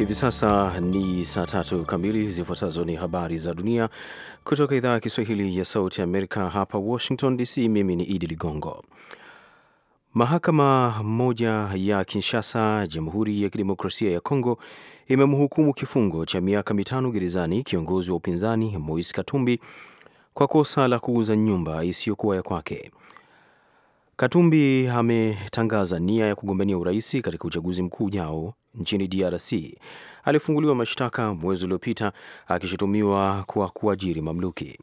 Hivi sasa ni saa tatu kamili. Zifuatazo ni habari za dunia kutoka idhaa ya Kiswahili ya Sauti ya Amerika, hapa Washington DC. Mimi ni Idi Ligongo. Mahakama moja ya Kinshasa, Jamhuri ya Kidemokrasia ya Kongo, imemhukumu kifungo cha miaka mitano gerezani kiongozi wa upinzani Moise Katumbi kwa kosa la kuuza nyumba isiyokuwa ya kwake. Katumbi ametangaza nia ya kugombania urais katika uchaguzi mkuu ujao nchini DRC alifunguliwa mashtaka mwezi uliopita akishutumiwa kwa kuajiri mamluki.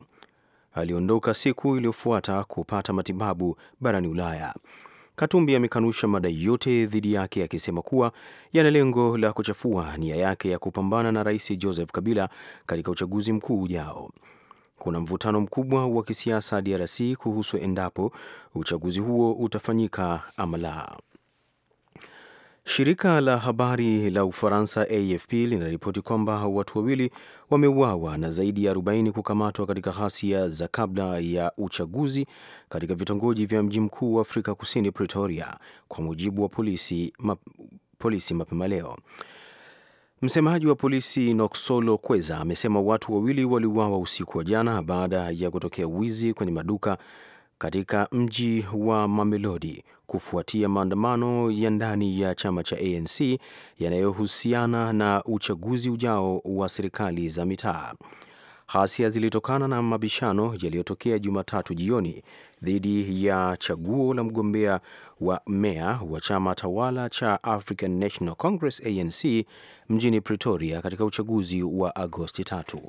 Aliondoka siku iliyofuata kupata matibabu barani Ulaya. Katumbi amekanusha madai yote dhidi yake akisema ya kuwa yana lengo la kuchafua nia yake ya kupambana na Rais Joseph Kabila katika uchaguzi mkuu ujao. Kuna mvutano mkubwa wa kisiasa DRC kuhusu endapo uchaguzi huo utafanyika ama la. Shirika la habari la Ufaransa AFP linaripoti kwamba watu wawili wameuawa na zaidi ya 40 kukamatwa katika ghasia za kabla ya uchaguzi katika vitongoji vya mji mkuu wa Afrika Kusini Pretoria, kwa mujibu wa polisi, map, polisi mapema leo. Msemaji wa polisi Noksolo Kweza amesema watu wawili waliuawa usiku wa jana baada ya kutokea wizi kwenye maduka katika mji wa Mamelodi kufuatia maandamano ya ndani ya chama cha ANC yanayohusiana na uchaguzi ujao wa serikali za mitaa. Ghasia zilitokana na mabishano yaliyotokea Jumatatu jioni dhidi ya chaguo la mgombea wa meya wa chama tawala cha African National Congress ANC mjini Pretoria katika uchaguzi wa Agosti tatu.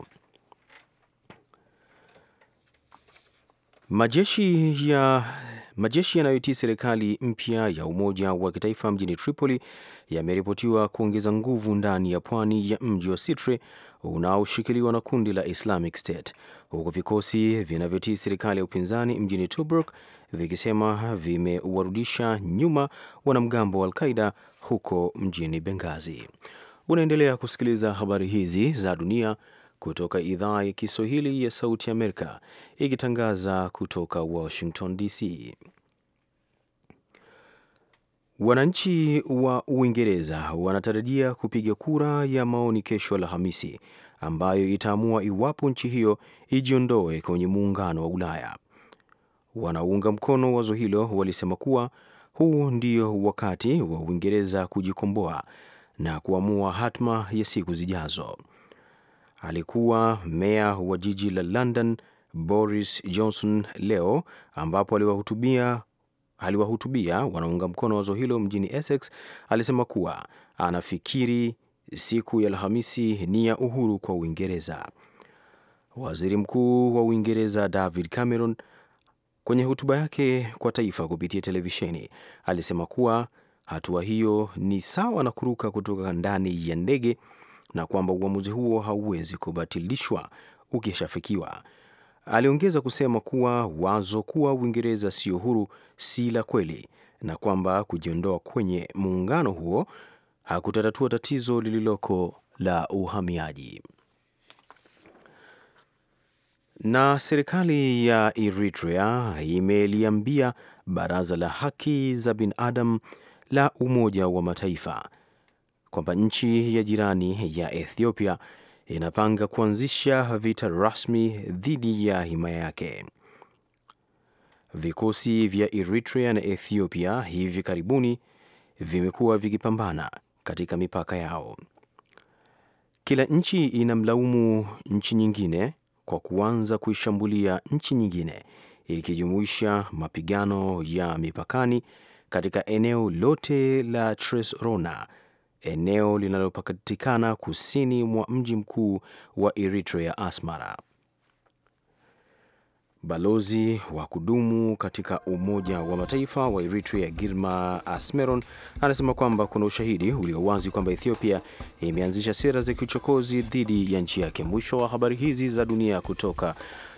Majeshi ya majeshi yanayoitii serikali mpya ya umoja wa kitaifa mjini Tripoli yameripotiwa kuongeza nguvu ndani ya pwani ya mji wa Sitre unaoshikiliwa na kundi la Islamic State, huku vikosi vinavyotii serikali ya upinzani mjini Tobruk vikisema vimewarudisha nyuma wanamgambo wa al huko mjini Benghazi. Unaendelea kusikiliza habari hizi za dunia kutoka idhaa ya Kiswahili ya Sauti Amerika ikitangaza kutoka Washington DC. Wananchi wa Uingereza wanatarajia kupiga kura ya maoni kesho Alhamisi, ambayo itaamua iwapo nchi hiyo ijiondoe kwenye muungano wa Ulaya. Wanaunga mkono wazo hilo walisema kuwa huu ndio wakati wa Uingereza kujikomboa na kuamua hatma ya siku zijazo alikuwa meya wa jiji la London Boris Johnson leo ambapo aliwahutubia aliwahutubia wanaunga mkono wazo hilo mjini Essex, alisema kuwa anafikiri siku ya Alhamisi ni ya uhuru kwa Uingereza. Waziri Mkuu wa Uingereza David Cameron kwenye hotuba yake kwa taifa kupitia televisheni alisema kuwa hatua hiyo ni sawa na kuruka kutoka ndani ya ndege na kwamba uamuzi huo hauwezi kubatilishwa ukishafikiwa. Aliongeza kusema kuwa wazo kuwa Uingereza sio huru si la kweli na kwamba kujiondoa kwenye muungano huo hakutatatua tatizo lililoko la uhamiaji. Na serikali ya Eritrea imeliambia Baraza la Haki za Binadamu la Umoja wa Mataifa kwamba nchi ya jirani ya Ethiopia inapanga kuanzisha vita rasmi dhidi ya himaya yake. Vikosi vya Eritrea na Ethiopia hivi karibuni vimekuwa vikipambana katika mipaka yao. Kila nchi inamlaumu nchi nyingine kwa kuanza kuishambulia nchi nyingine, ikijumuisha mapigano ya mipakani katika eneo lote la Tres Rona eneo linalopatikana kusini mwa mji mkuu wa Eritrea, Asmara. Balozi wa kudumu katika Umoja wa Mataifa wa Eritrea Girma Asmeron anasema kwamba kuna ushahidi ulio wazi kwamba Ethiopia imeanzisha sera za kiuchokozi dhidi ya nchi yake. Mwisho wa habari hizi za dunia kutoka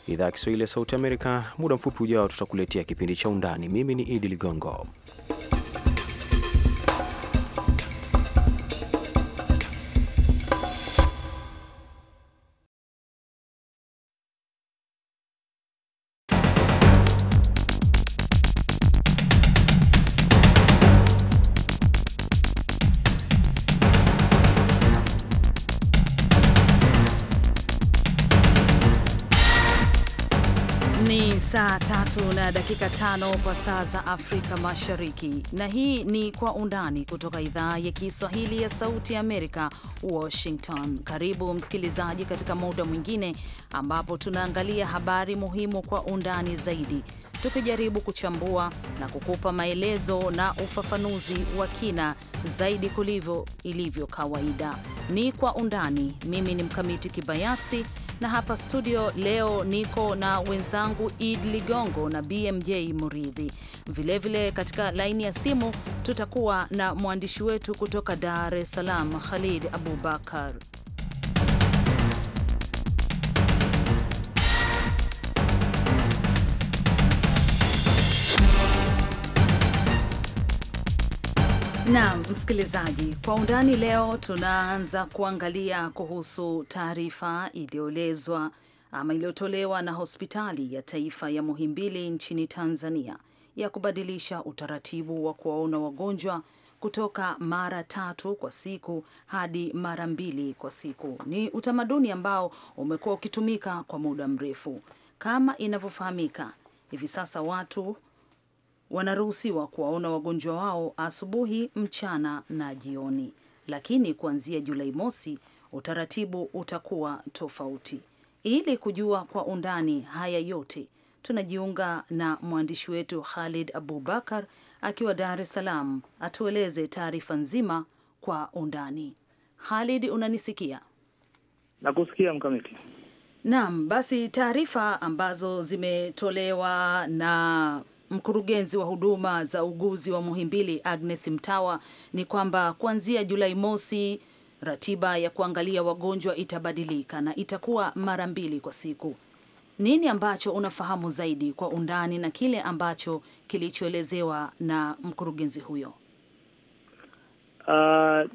idhaa ya Kiswahili ya Sauti Amerika. Muda mfupi ujao, tutakuletea kipindi cha Undani. Mimi ni Idi Ligongo. dakika tano kwa saa za Afrika Mashariki, na hii ni Kwa Undani kutoka idhaa ya Kiswahili ya Sauti ya Amerika, Washington. Karibu msikilizaji, katika muda mwingine ambapo tunaangalia habari muhimu kwa undani zaidi, tukijaribu kuchambua na kukupa maelezo na ufafanuzi wa kina zaidi kulivyo ilivyo kawaida. Ni Kwa Undani. Mimi ni Mkamiti Kibayasi na hapa studio leo niko na wenzangu Id Ligongo na BMJ Muridhi. Vilevile katika laini ya simu tutakuwa na mwandishi wetu kutoka Dar es Salaam, Khalid Abubakar. Naam, msikilizaji, kwa undani leo tunaanza kuangalia kuhusu taarifa iliyoelezwa ama iliyotolewa na hospitali ya taifa ya Muhimbili nchini Tanzania ya kubadilisha utaratibu wa kuwaona wagonjwa kutoka mara tatu kwa siku hadi mara mbili kwa siku. Ni utamaduni ambao umekuwa ukitumika kwa muda mrefu. Kama inavyofahamika, hivi sasa watu wanaruhusiwa kuwaona wagonjwa wao asubuhi, mchana na jioni, lakini kuanzia Julai mosi utaratibu utakuwa tofauti. Ili kujua kwa undani haya yote, tunajiunga na mwandishi wetu Khalid Abubakar akiwa Dar es Salaam atueleze taarifa nzima kwa undani. Khalid, unanisikia? Nakusikia Mkamiti. Naam, basi taarifa ambazo zimetolewa na mkurugenzi wa huduma za uguzi wa Muhimbili Agnes Mtawa ni kwamba kuanzia Julai mosi ratiba ya kuangalia wagonjwa itabadilika na itakuwa mara mbili kwa siku. Nini ambacho unafahamu zaidi kwa undani na kile ambacho kilichoelezewa na mkurugenzi huyo? Uh,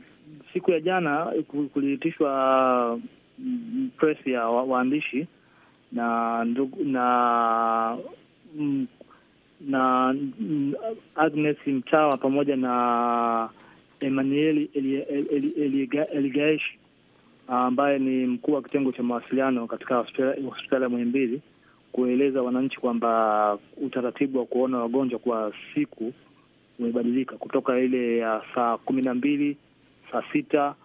siku ya jana kuliitishwa mm, press ya waandishi na ndugu na mm, na Agnes Mtawa pamoja na Emmanuel eligaeshi ah, ambaye ni mkuu wa kitengo cha mawasiliano katika hospitali ya Muhimbili kueleza wananchi kwamba utaratibu wa kuona wagonjwa kwa siku umebadilika kutoka ile ya saa kumi na mbili, saa sita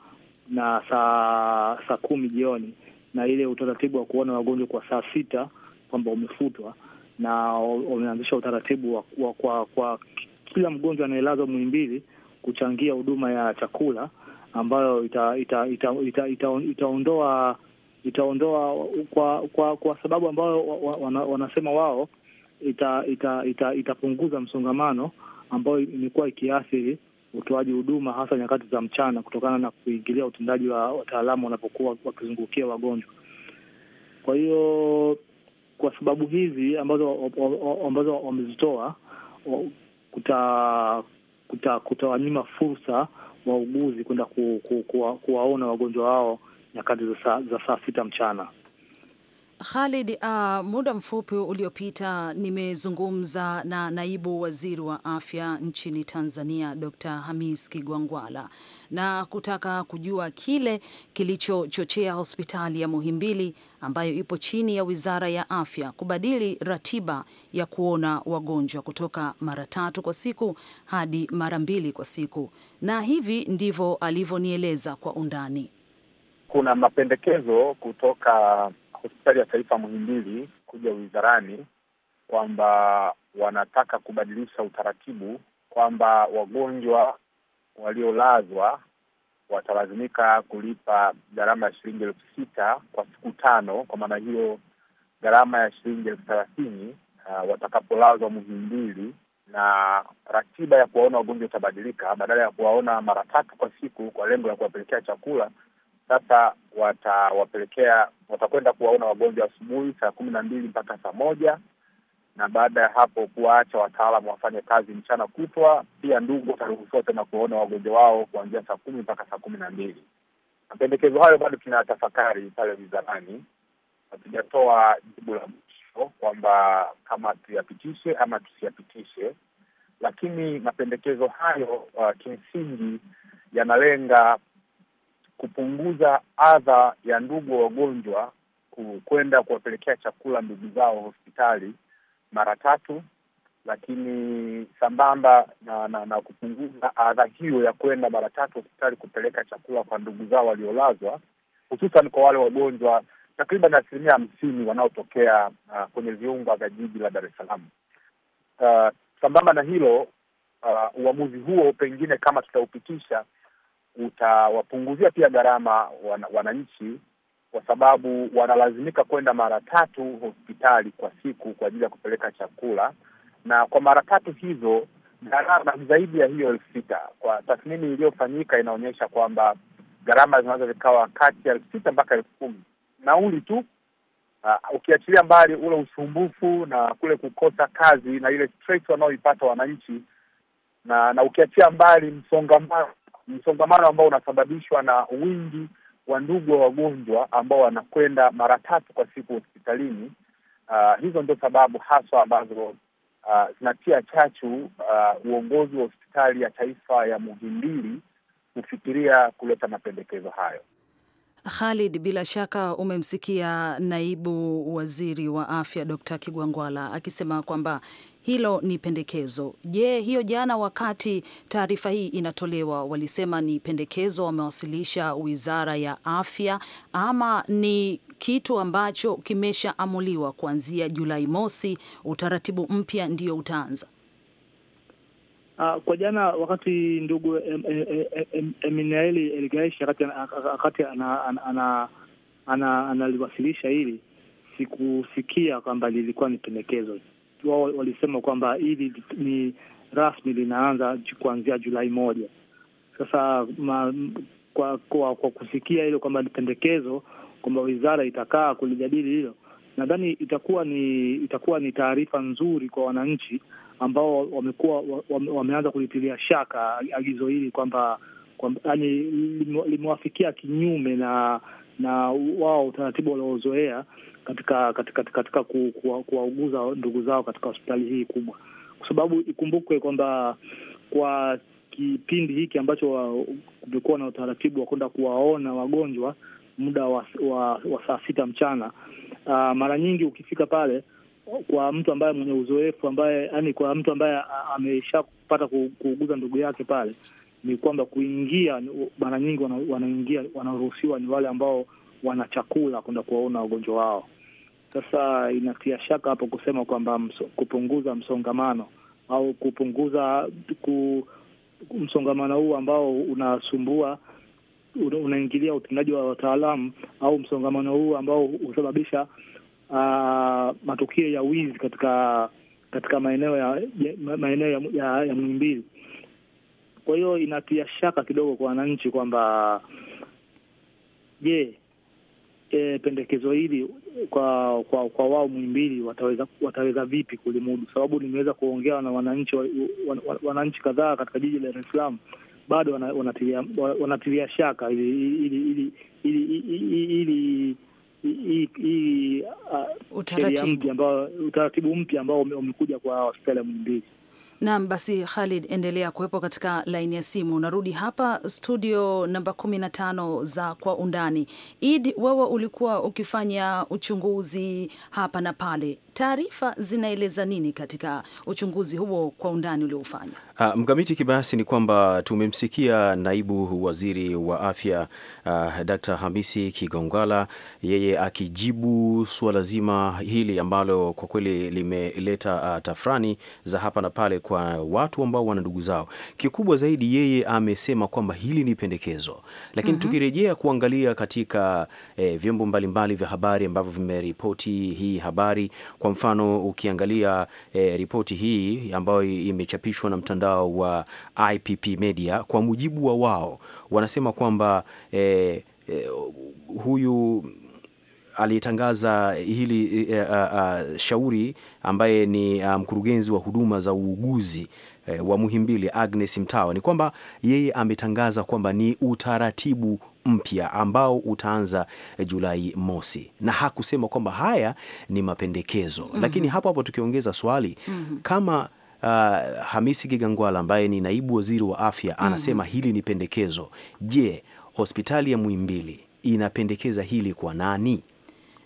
na saa saa kumi jioni na ile utaratibu wa kuona wagonjwa kwa saa sita kwamba umefutwa na wameanzisha utaratibu wa kwa, kwa, kwa kila mgonjwa anayelazwa Muhimbili kuchangia huduma ya chakula ambayo itaondoa ita, ita, ita, ita, ita itaondoa kwa kwa kwa sababu ambayo wana, wanasema wao itapunguza ita, ita, ita msongamano ambayo imekuwa ikiathiri utoaji huduma hasa nyakati za mchana kutokana na kuingilia utendaji wa wataalamu wanapokuwa wakizungukia wagonjwa. Kwa hiyo kwa sababu hizi ambazo ambazo wamezitoa kuta kutawanyima kuta fursa wauguzi kwenda ku, ku, ku, kuwaona wagonjwa wao nyakati za saa sita mchana. Khalid, uh, muda mfupi uliopita nimezungumza na naibu waziri wa afya nchini Tanzania Dr. Hamis Kigwangwala na kutaka kujua kile kilichochochea hospitali ya Muhimbili ambayo ipo chini ya Wizara ya Afya kubadili ratiba ya kuona wagonjwa kutoka mara tatu kwa siku hadi mara mbili kwa siku, na hivi ndivyo alivyonieleza kwa undani. Kuna mapendekezo kutoka hospitali ya taifa Muhimbili kuja wizarani kwamba wanataka kubadilisha utaratibu kwamba wagonjwa waliolazwa watalazimika kulipa gharama ya shilingi elfu sita kwa siku tano. Kwa maana hiyo gharama ya shilingi elfu thelathini uh, watakapolazwa Muhimbili, na ratiba ya kuwaona wagonjwa itabadilika. Badala ya kuwaona mara tatu kwa siku kwa lengo la kuwapelekea chakula, sasa watawapelekea watakwenda kuwaona wagonjwa asubuhi saa kumi na mbili mpaka saa moja na baada ya hapo kuwaacha wataalamu wafanye kazi mchana kutwa. Pia ndugu wataruhusiwa tena kuwaona wagonjwa wao kuanzia saa kumi mpaka saa kumi na mbili. Mapendekezo hayo bado tafakari pale wizarani, hatujatoa jibu la mwisho kwamba kama tuyapitishe ama tusiyapitishe, lakini mapendekezo hayo uh, kimsingi yanalenga kupunguza adha ya ndugu wagonjwa kwenda kuwapelekea chakula ndugu zao hospitali mara tatu, lakini sambamba na, na, na kupunguza adha hiyo ya kwenda mara tatu hospitali kupeleka chakula kwa ndugu zao waliolazwa, hususan kwa wale wagonjwa takriban asilimia hamsini wanaotokea uh, kwenye viunga vya jiji la Dar es Salaam. Uh, sambamba na hilo, uh, uamuzi huo pengine kama tutaupitisha utawapunguzia pia gharama wan, wananchi kwa sababu wanalazimika kwenda mara tatu hospitali kwa siku kwa ajili ya kupeleka chakula, na kwa mara tatu hizo gharama zaidi ya hiyo elfu sita. Kwa tathmini iliyofanyika inaonyesha kwamba gharama zinaweza zikawa kati ya elfu sita mpaka elfu kumi nauli tu. Uh, ukiachilia mbali ule usumbufu na kule kukosa kazi na ile stress wanaoipata wananchi na na ukiachia mbali msongamano msongamano ambao unasababishwa na wingi wa ndugu wa wagonjwa ambao wanakwenda mara tatu kwa siku hospitalini. Uh, hizo ndio sababu haswa ambazo ah, zinatia uh, chachu uh, uongozi wa hospitali ya taifa ya Muhimbili kufikiria kuleta mapendekezo hayo. Khalid, bila shaka umemsikia naibu waziri wa afya Dr. Kigwangwala akisema kwamba hilo ni pendekezo. Je, hiyo jana wakati taarifa hii inatolewa walisema ni pendekezo wamewasilisha Wizara ya Afya ama ni kitu ambacho kimeshaamuliwa kuanzia Julai mosi utaratibu mpya ndio utaanza? Uh, kwa jana wakati ndugu Eminaeli Elgaishi wakati analiwasilisha hili, sikusikia kwamba lilikuwa ni pendekezo. Wao walisema kwamba hili ni rasmi, linaanza kuanzia Julai moja. Sasa ma, kwa, kwa, kwa kusikia hilo kwamba ni pendekezo kwamba wizara itakaa kulijadili hilo, nadhani itakuwa ni itakuwa ni taarifa nzuri kwa wananchi ambao wamekuwa wameanza kulitilia shaka agizo hili kwamba yaani limewafikia kinyume na na wao utaratibu waliozoea katika katika katika kuwauguza ku, ndugu zao katika hospitali hii kubwa, kwa sababu ikumbukwe kwamba kwa kipindi hiki ambacho kumekuwa na utaratibu wa kwenda kuwaona wagonjwa muda wa, wa, wa saa sita mchana. Uh, mara nyingi ukifika pale kwa mtu ambaye mwenye uzoefu ambaye yani, kwa mtu ambaye ameshapata kuuguza ndugu yake pale, ni kwamba kuingia mara nyingi wanaingia wanaruhusiwa ni wale ambao wana chakula kwenda kuwaona wagonjwa wao. Sasa inatia shaka hapo kusema kwamba mso, kupunguza msongamano au kupunguza ku, msongamano huu ambao unasumbua unaingilia utendaji wa wataalamu au msongamano huu ambao husababisha uh, matukio ya wizi katika katika maeneo ya, ya, maeneo ya, ya, ya Muhimbili. Kwa hiyo inatia shaka kidogo kwa wananchi kwamba je, e, pendekezo hili kwa kwa kwa wao Muhimbili wataweza wataweza vipi kulimudu? Sababu nimeweza kuongea na wananchi wananchi kadhaa katika jiji la Dar es Salaam bado wanatilia wana shaka ili ili ili, ili, ili, ili, ili hii uh, utaratibu mpya ambao umekuja kwa hospitali ya Muhimbili. Naam, basi Khalid, endelea kuwepo katika laini ya simu. unarudi hapa studio namba 15 za Kwa Undani. Id, wewe ulikuwa ukifanya uchunguzi hapa na pale, taarifa zinaeleza nini katika uchunguzi huo kwa undani uliofanya? Uh, mkamiti kibayasi ni kwamba tumemsikia naibu waziri wa afya uh, Dr. Hamisi Kigongala yeye akijibu suala zima hili ambalo kwa kweli limeleta uh, tafrani za hapa na pale kwa watu ambao wana ndugu zao. Kikubwa zaidi yeye amesema kwamba hili ni pendekezo, lakini mm -hmm. tukirejea kuangalia katika eh, vyombo mbalimbali vya habari ambavyo vimeripoti hii habari, kwa mfano ukiangalia eh, ripoti hii ambayo imechapishwa na mtandao mtandao wa IPP Media, kwa mujibu wa wao wanasema kwamba e, e, huyu aliyetangaza hili a, eh, a, shauri ambaye ni mkurugenzi wa huduma za uuguzi e, wa Muhimbili Agnes Mtawa, ni kwamba yeye ametangaza kwamba ni utaratibu mpya ambao utaanza Julai mosi, na hakusema kwamba haya ni mapendekezo mm -hmm. Lakini hapo hapo tukiongeza swali mm -hmm. kama uh, Hamisi Gigangwala ambaye ni naibu waziri wa afya mhm. anasema mm -hmm. Hili ni pendekezo. Je, hospitali ya Muhimbili inapendekeza hili kwa nani?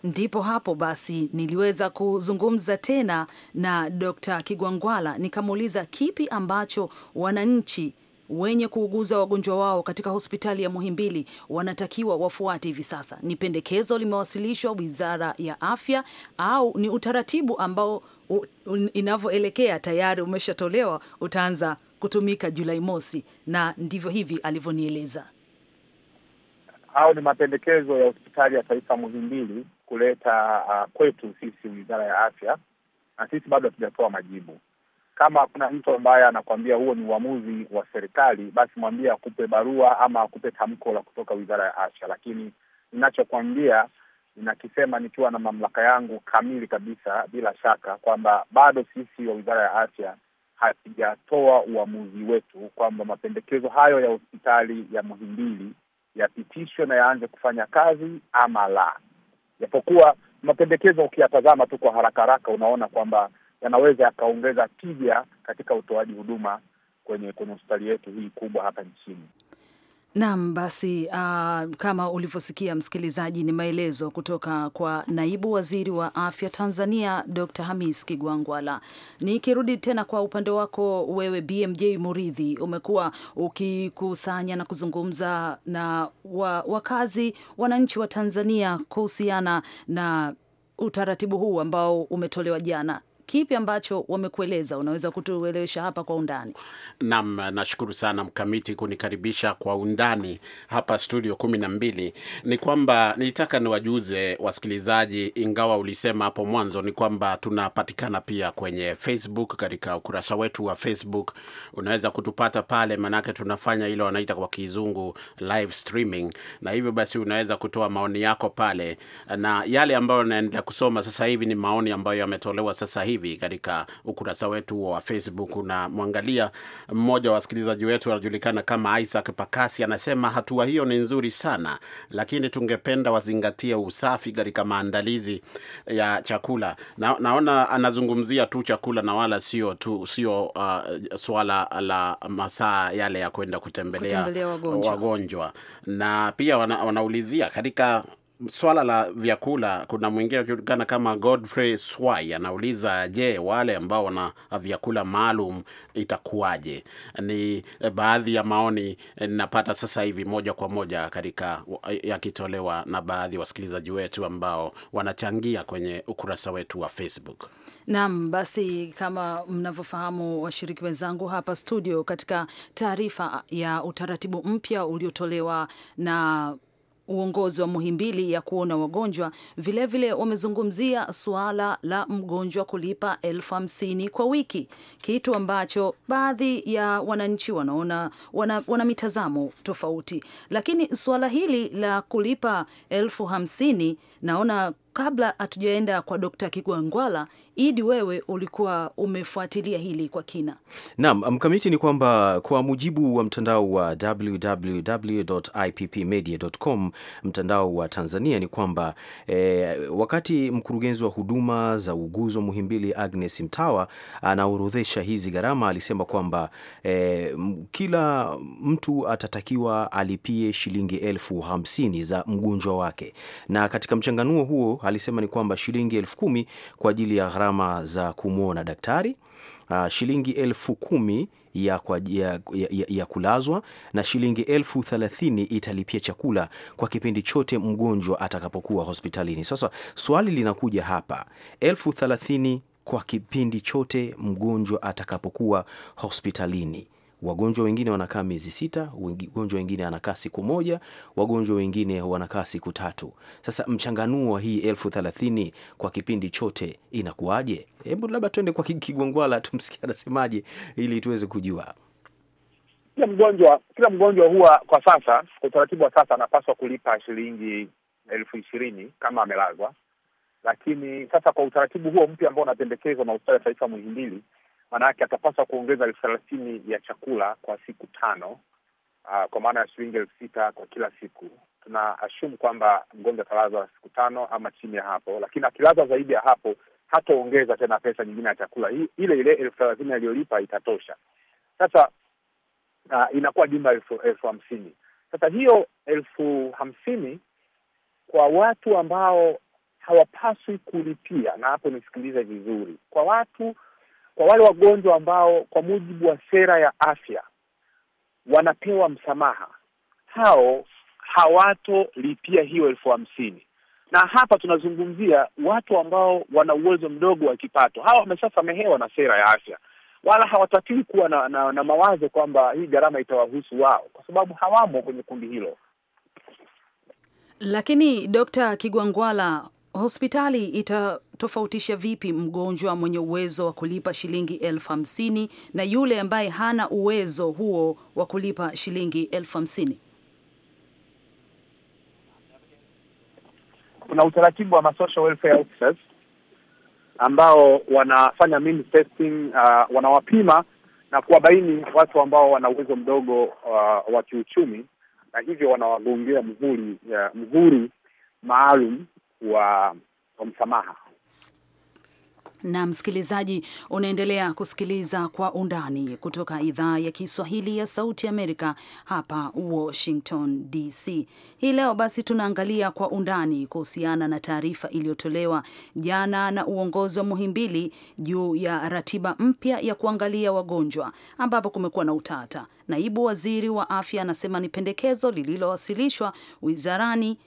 Ndipo hapo basi niliweza kuzungumza tena na Dr. Kigwangwala nikamuuliza kipi ambacho wananchi wenye kuuguza wagonjwa wao katika hospitali ya Muhimbili wanatakiwa wafuate hivi sasa. Ni pendekezo limewasilishwa Wizara ya Afya au ni utaratibu ambao inavyoelekea tayari umeshatolewa, utaanza kutumika Julai mosi, na ndivyo hivi alivyonieleza. Hayo ni mapendekezo ya hospitali ya taifa Muhimbili kuleta uh, kwetu sisi wizara ya afya, na sisi bado hatujatoa majibu. Kama kuna mtu ambaye anakuambia huo ni uamuzi wa serikali, basi mwambie akupe barua ama akupe tamko la kutoka wizara ya afya, lakini inachokuambia ninakisema nikiwa na mamlaka yangu kamili kabisa, bila shaka kwamba bado sisi wa Wizara ya Afya hatujatoa uamuzi wetu kwamba mapendekezo hayo ya hospitali ya Muhimbili yapitishwe na yaanze kufanya kazi ama la, japokuwa mapendekezo ukiyatazama tu kwa haraka haraka unaona kwamba yanaweza yakaongeza tija katika utoaji huduma kwenye kwenye hospitali yetu hii kubwa hapa nchini. Naam, basi uh, kama ulivyosikia msikilizaji, ni maelezo kutoka kwa naibu waziri wa afya Tanzania, Dr. Hamis Kigwangwala. Nikirudi tena kwa upande wako wewe, BMJ Muridhi, umekuwa ukikusanya na kuzungumza na wakazi wananchi wa Tanzania kuhusiana na utaratibu huu ambao umetolewa jana kipi ambacho wamekueleza? Unaweza kutuelewesha hapa kwa undani? Naam, nashukuru sana Mkamiti kunikaribisha kwa undani hapa studio kumi na mbili. Ni kwamba nilitaka niwajuze wasikilizaji, ingawa ulisema hapo mwanzo, ni kwamba tunapatikana pia kwenye Facebook, katika ukurasa wetu wa Facebook unaweza kutupata pale, maanake tunafanya ile wanaita kwa kizungu live streaming, na hivyo basi unaweza kutoa maoni yako pale, na yale ambayo naendelea kusoma sasa hivi ni maoni ambayo yametolewa sasa hivi hivi katika ukurasa wetu wa Facebook. Unamwangalia mmoja wa wasikilizaji wetu anajulikana kama Isaac Pakasi, anasema hatua hiyo ni nzuri sana, lakini tungependa wazingatie usafi katika maandalizi ya chakula. Na, naona anazungumzia tu chakula na wala sio tu sio uh, swala la masaa yale ya kwenda kutembelea, kutembelea wagonjwa. wagonjwa na pia wana, wanaulizia katika swala la vyakula, kuna mwingine akijulikana kama Godfrey Swai anauliza, je, wale ambao wana vyakula maalum itakuwaje? Ni eh, baadhi ya maoni ninapata eh, sasa hivi moja kwa moja katika eh, yakitolewa na baadhi ya wasikilizaji wetu ambao wanachangia kwenye ukurasa wetu wa Facebook. Naam, basi kama mnavyofahamu washiriki wenzangu hapa studio, katika taarifa ya utaratibu mpya uliotolewa na uongozi wa Muhimbili ya kuona wagonjwa vilevile wamezungumzia suala la mgonjwa kulipa elfu hamsini kwa wiki, kitu ambacho baadhi ya wananchi wanaona wana, wana mitazamo tofauti, lakini suala hili la kulipa elfu hamsini naona kabla hatujaenda kwa Dokta Kigwangwala, Idi, wewe ulikuwa umefuatilia hili kwa kina. Naam, mkamiti ni kwamba kwa mujibu wa mtandao wa www.ippmedia.com mtandao wa Tanzania ni kwamba e, wakati mkurugenzi wa huduma za uguzo Muhimbili Agnes Mtawa anaorodhesha hizi gharama alisema kwamba e, kila mtu atatakiwa alipie shilingi elfu hamsini za mgonjwa wake, na katika mchanganuo huo alisema ni kwamba shilingi elfu kumi kwa ajili ya gharama za kumwona daktari, uh, shilingi elfu kumi ya, kwa, ya, ya, ya kulazwa na shilingi elfu thelathini italipia chakula kwa kipindi chote mgonjwa atakapokuwa hospitalini. Sasa swali linakuja hapa, elfu thelathini kwa kipindi chote mgonjwa atakapokuwa hospitalini Wagonjwa wengine wanakaa miezi sita, wagonjwa wengine wanakaa siku moja, wagonjwa wengine wanakaa siku tatu. Sasa mchanganuo wa hii elfu thelathini kwa kipindi chote inakuwaje? Hebu labda tuende kwa Kigwangwala tumsikia anasemaje ili tuweze kujua. Kila mgonjwa kila mgonjwa huwa kwa sasa, kwa utaratibu wa sasa, anapaswa kulipa shilingi elfu ishirini kama amelazwa, lakini sasa kwa utaratibu huo mpya ambao unapendekezwa na hospitali ya taifa Muhimbili maanake atapaswa kuongeza elfu thelathini ya chakula kwa siku tano, uh, kwa maana ya shilingi elfu sita kwa kila siku. Tuna ashumu kwamba mgonjwa atalazwa siku tano ama chini ya hapo, lakini akilazwa zaidi ya hapo hataongeza tena pesa nyingine ya chakula. Hii ile ile elfu thelathini aliyolipa itatosha. Sasa uh, inakuwa jumla elfu hamsini. Sasa hiyo elfu hamsini kwa watu ambao hawapaswi kulipia, na hapo nisikilize vizuri, kwa watu kwa wale wagonjwa ambao kwa mujibu wa sera ya afya wanapewa msamaha, hao hawatolipia hiyo elfu hamsini na hapa tunazungumzia watu ambao wana uwezo mdogo wa kipato. Hawa wameshasamehewa na sera ya afya, wala hawatakiwi kuwa na, na, na mawazo kwamba hii gharama itawahusu wao, kwa sababu hawamo kwenye kundi hilo. Lakini Dkt. Kigwangwala, hospitali itatofautisha vipi mgonjwa mwenye uwezo wa kulipa shilingi elfu hamsini na yule ambaye hana uwezo huo wa kulipa shilingi elfu hamsini? Kuna utaratibu wa masocial welfare officers ambao wanafanya means testing, uh, wanawapima na kuwabaini watu ambao wana uwezo mdogo uh, wa kiuchumi na hivyo wanawagongea mhuri uh, mhuri maalum wa, wa msamaha. Na msikilizaji, unaendelea kusikiliza Kwa Undani kutoka idhaa ya Kiswahili ya Sauti Amerika hapa Washington DC. Hii leo basi tunaangalia kwa undani kuhusiana na taarifa iliyotolewa jana na uongozi wa Muhimbili juu ya ratiba mpya ya kuangalia wagonjwa, ambapo kumekuwa na utata. Naibu waziri wa afya anasema ni pendekezo lililowasilishwa wizarani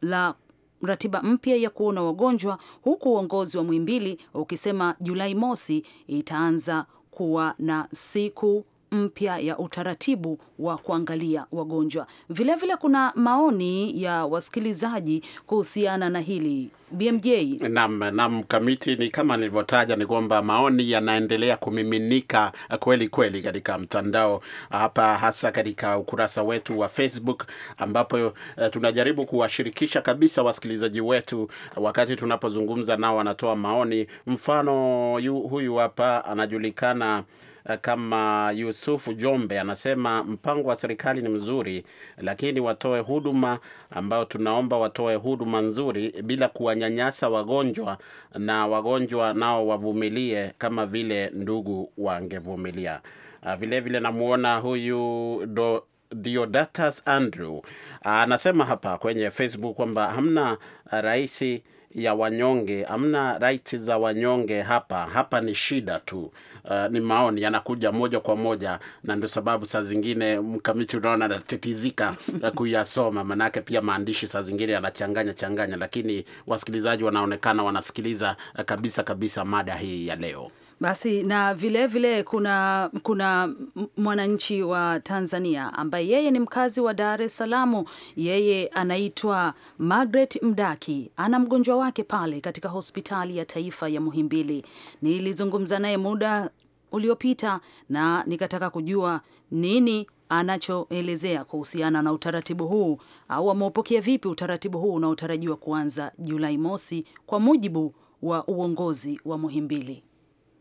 la ratiba mpya ya kuona wagonjwa, huku uongozi wa Muhimbili ukisema Julai mosi itaanza kuwa na siku mpya ya utaratibu wa kuangalia wagonjwa. Vilevile vile kuna maoni ya wasikilizaji kuhusiana na hili BMJ. Naam, naam, kamiti ni kama nilivyotaja ni kwamba maoni yanaendelea kumiminika kweli kweli katika mtandao hapa, hasa katika ukurasa wetu wa Facebook ambapo uh, tunajaribu kuwashirikisha kabisa wasikilizaji wetu wakati tunapozungumza nao, wanatoa maoni. Mfano yu, huyu hapa anajulikana Eh, kama Yusufu Jombe anasema mpango wa serikali ni mzuri, lakini watoe huduma ambao tunaomba watoe huduma nzuri bila kuwanyanyasa wagonjwa, na wagonjwa nao wavumilie kama vile ndugu wangevumilia. Eh, Vilevile namwona huyu do Diodatas Andrew eh, anasema hapa kwenye Facebook kwamba hamna raisi ya wanyonge, hamna rights za wanyonge hapa. Hapa ni shida tu. Uh, ni maoni yanakuja moja kwa moja, na ndio sababu saa zingine mkamiti, unaona anatetizika kuyasoma, manake pia maandishi saa zingine yanachanganya changanya, lakini wasikilizaji wanaonekana wanasikiliza uh, kabisa kabisa mada hii ya leo. Basi na vilevile vile kuna, kuna mwananchi wa Tanzania ambaye yeye ni mkazi wa Dar es Salaam. Yeye anaitwa Margaret Mdaki, ana mgonjwa wake pale katika hospitali ya taifa ya Muhimbili. Nilizungumza naye muda uliopita na nikataka kujua nini anachoelezea kuhusiana na utaratibu huu au ameupokea vipi utaratibu huu unaotarajiwa kuanza Julai mosi kwa mujibu wa uongozi wa Muhimbili.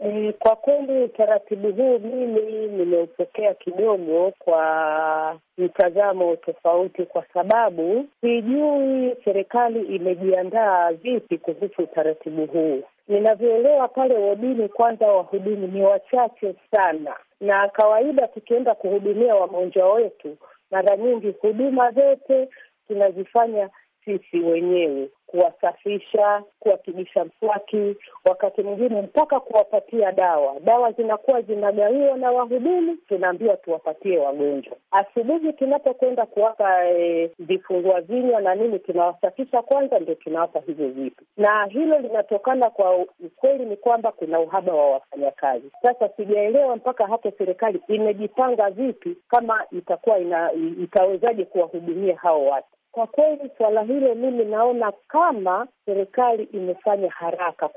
E, kwa kweli utaratibu huu mimi nimeupokea kidogo kwa mtazamo tofauti, kwa sababu sijui serikali imejiandaa vipi kuhusu utaratibu huu. Ninavyoelewa pale wodini, kwanza wahudumu ni wachache sana, na kawaida tukienda kuhudumia wagonjwa wetu, mara nyingi huduma zote tunazifanya sisi wenyewe kuwasafisha, kuwapigisha mswaki, wakati mwingine mpaka kuwapatia dawa. Dawa zinakuwa zinagawiwa na wahudumu, tunaambiwa tuwapatie wagonjwa. Asubuhi tunapokwenda kuwapa e, vifungua e, vinywa na nini, tunawasafisha kwanza, ndio tunawapa hivyo vipi na hilo linatokana kwa ukweli ni kwamba kuna uhaba wa wafanyakazi. Sasa sijaelewa mpaka hapo serikali imejipanga vipi, kama itakuwa ina, itawezaje kuwahudumia hao watu. Kwa kweli suala hilo mimi naona kama serikali imefanya haraka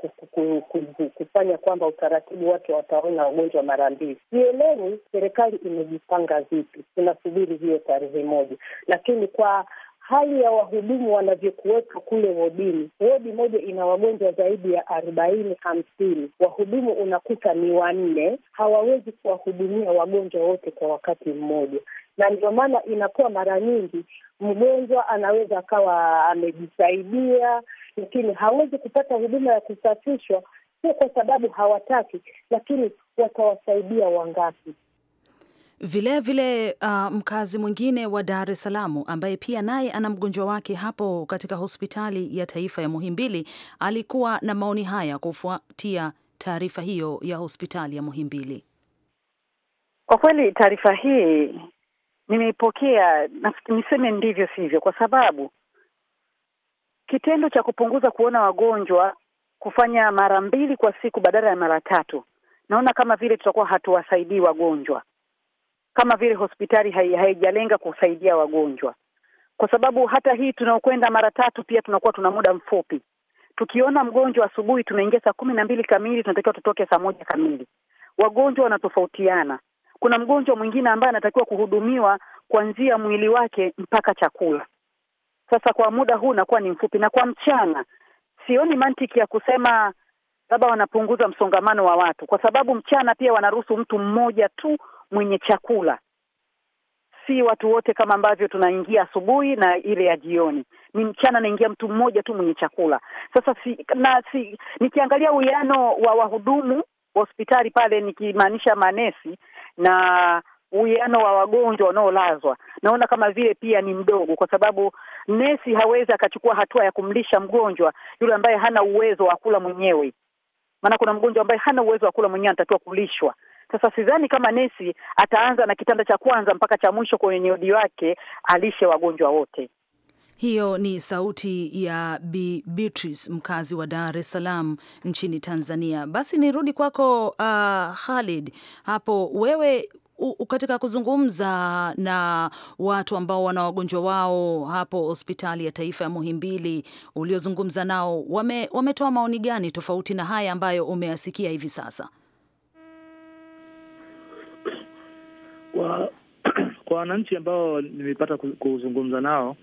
kufanya kwamba utaratibu wake wataona wagonjwa mara mbili. Sieleni serikali imejipanga vipi, tunasubiri hiyo tarehe moja, lakini kwa hali ya wahudumu wanavyokuwepo kule wodini, wodi moja ina wagonjwa zaidi ya arobaini hamsini. Wahudumu unakuta ni wanne, hawawezi kuwahudumia wagonjwa wote kwa wakati mmoja na ndio maana inakuwa mara nyingi mgonjwa anaweza akawa amejisaidia, lakini hawezi kupata huduma ya kusafishwa, sio kwa sababu hawataki, lakini watawasaidia wangapi? Vilevile vile, uh, mkazi mwingine wa Dar es Salaam ambaye pia naye ana mgonjwa wake hapo katika hospitali ya taifa ya Muhimbili alikuwa na maoni haya kufuatia taarifa hiyo ya hospitali ya Muhimbili. Kwa kweli taarifa hii nimeipokea niseme ndivyo sivyo, kwa sababu kitendo cha kupunguza kuona wagonjwa kufanya mara mbili kwa siku badala ya mara tatu, naona kama vile tutakuwa hatuwasaidii wagonjwa, kama vile hospitali haijalenga kusaidia wagonjwa, kwa sababu hata hii tunaokwenda mara tatu pia tunakuwa tuna muda mfupi. Tukiona mgonjwa asubuhi, tunaingia saa kumi na mbili kamili, tunatakiwa tutoke saa moja kamili. Wagonjwa wanatofautiana kuna mgonjwa mwingine ambaye anatakiwa kuhudumiwa kuanzia mwili wake mpaka chakula. Sasa kwa muda huu unakuwa ni mfupi, na kwa mchana sioni mantiki ya kusema labda wanapunguza msongamano wa watu, kwa sababu mchana pia wanaruhusu mtu mmoja tu mwenye chakula, si watu wote kama ambavyo tunaingia asubuhi na ile ya jioni. Ni mchana anaingia mtu mmoja tu mwenye chakula. Sasa si, na si, nikiangalia uwiano wa wahudumu hospitali pale nikimaanisha manesi na uwiano wa wagonjwa wanaolazwa naona kama vile pia ni mdogo, kwa sababu nesi hawezi akachukua hatua ya kumlisha mgonjwa yule ambaye hana uwezo wa kula mwenyewe. Maana kuna mgonjwa ambaye hana uwezo wa kula mwenyewe, anatakiwa kulishwa. Sasa sidhani kama nesi ataanza na kitanda cha kwanza mpaka cha mwisho kwenye wodi wake alishe wagonjwa wote. Hiyo ni sauti ya Bi Beatrice, mkazi wa Dar es Salaam nchini Tanzania. Basi nirudi kwako, uh, Khalid, hapo wewe katika kuzungumza na watu ambao wana wagonjwa wao hapo hospitali ya taifa ya Muhimbili uliozungumza nao, wame, wametoa maoni gani tofauti na haya ambayo umeyasikia hivi sasa? Kwa kwa wananchi ambao nimepata kuzungumza nao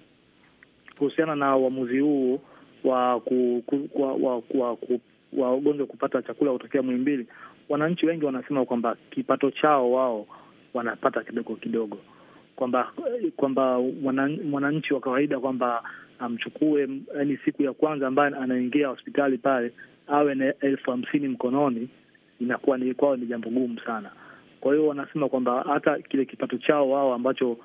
kuhusiana na uamuzi huu wa ku, ku, wa, wa, wa, ku, wa ugonjwa kupata chakula kutokea Muhimbili, wananchi wengi wanasema kwamba kipato chao wao wanapata kidogo kidogo, kwamba kwamba mwananchi wa kawaida kwamba amchukue, yani, siku ya kwanza ambaye anaingia hospitali pale awe na elfu hamsini mkononi, inakuwa ni kwao ni jambo gumu sana. Kwa hiyo wanasema kwamba hata kile kipato chao wao ambacho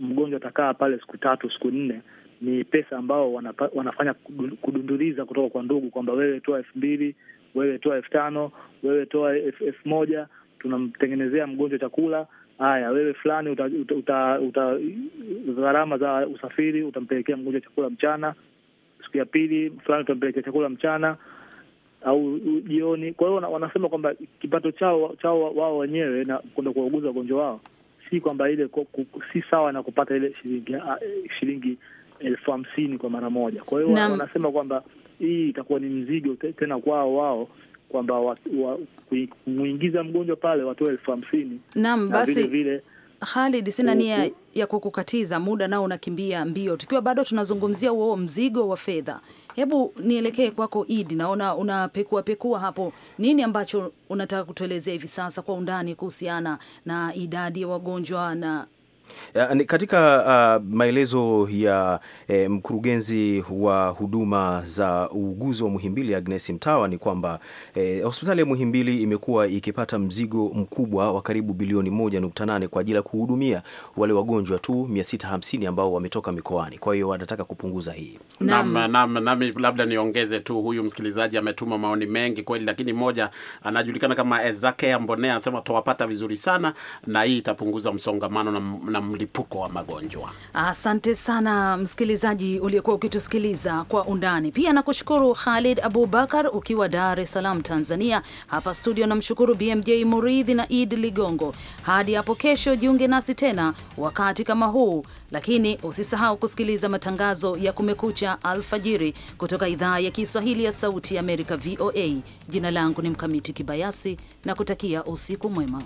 mgonjwa atakaa pale siku tatu siku nne ni pesa ambao wanapa, wanafanya kudunduliza kutoka kwa ndugu kwamba wewe toa elfu mbili wewe toa elfu tano wewe toa elfu moja tunamtengenezea mgonjwa chakula. Haya, wewe fulani uta, gharama za usafiri utampelekea mgonjwa chakula mchana, siku ya pili fulani utampelekea chakula mchana au jioni. Kwa hiyo wanasema kwamba kipato chao chao wao wenyewe na kwenda kuwauguza wagonjwa wao si kwamba ile si sawa na kupata ile shilingi ah, shilingi elfu hamsini kwa mara moja. Kwa hiyo wanasema kwamba hii itakuwa ni mzigo tena kwao wao kwamba kumwingiza mgonjwa pale watoe elfu hamsini. Naam, basi vile vile Khalid, sina eh, nia eh. ya kukukatiza muda, nao unakimbia mbio. Tukiwa bado tunazungumzia huo mzigo wa fedha, hebu nielekee kwako Idi. Naona unapekua pekua hapo, nini ambacho unataka kutuelezea hivi sasa kwa undani kuhusiana na idadi ya wagonjwa na Eh, katika uh, maelezo ya eh, mkurugenzi wa huduma za uuguzi wa Muhimbili Agnes Mtawa ni kwamba eh, hospitali ya Muhimbili imekuwa ikipata mzigo mkubwa wa karibu bilioni 1.8 kwa ajili ya kuhudumia wale wagonjwa tu 650 ambao wametoka mikoani. Kwa hiyo wanataka kupunguza hii. Naam, naam, nami labda niongeze tu, huyu msikilizaji ametuma maoni mengi kweli, lakini moja anajulikana kama Ezake Ambonea, anasema tawapata vizuri sana na hii itapunguza msongamano na na mlipuko wa magonjwa. Asante sana msikilizaji uliyekuwa ukitusikiliza kwa undani. Pia nakushukuru Khalid Abubakar ukiwa Dar es Salaam, Tanzania. Hapa studio namshukuru BMJ Muridhi na Id Ligongo. Hadi hapo kesho, jiunge nasi tena wakati kama huu, lakini usisahau kusikiliza matangazo ya Kumekucha alfajiri kutoka idhaa ya Kiswahili ya Sauti ya Amerika, VOA. Jina langu ni Mkamiti Kibayasi na kutakia usiku mwema.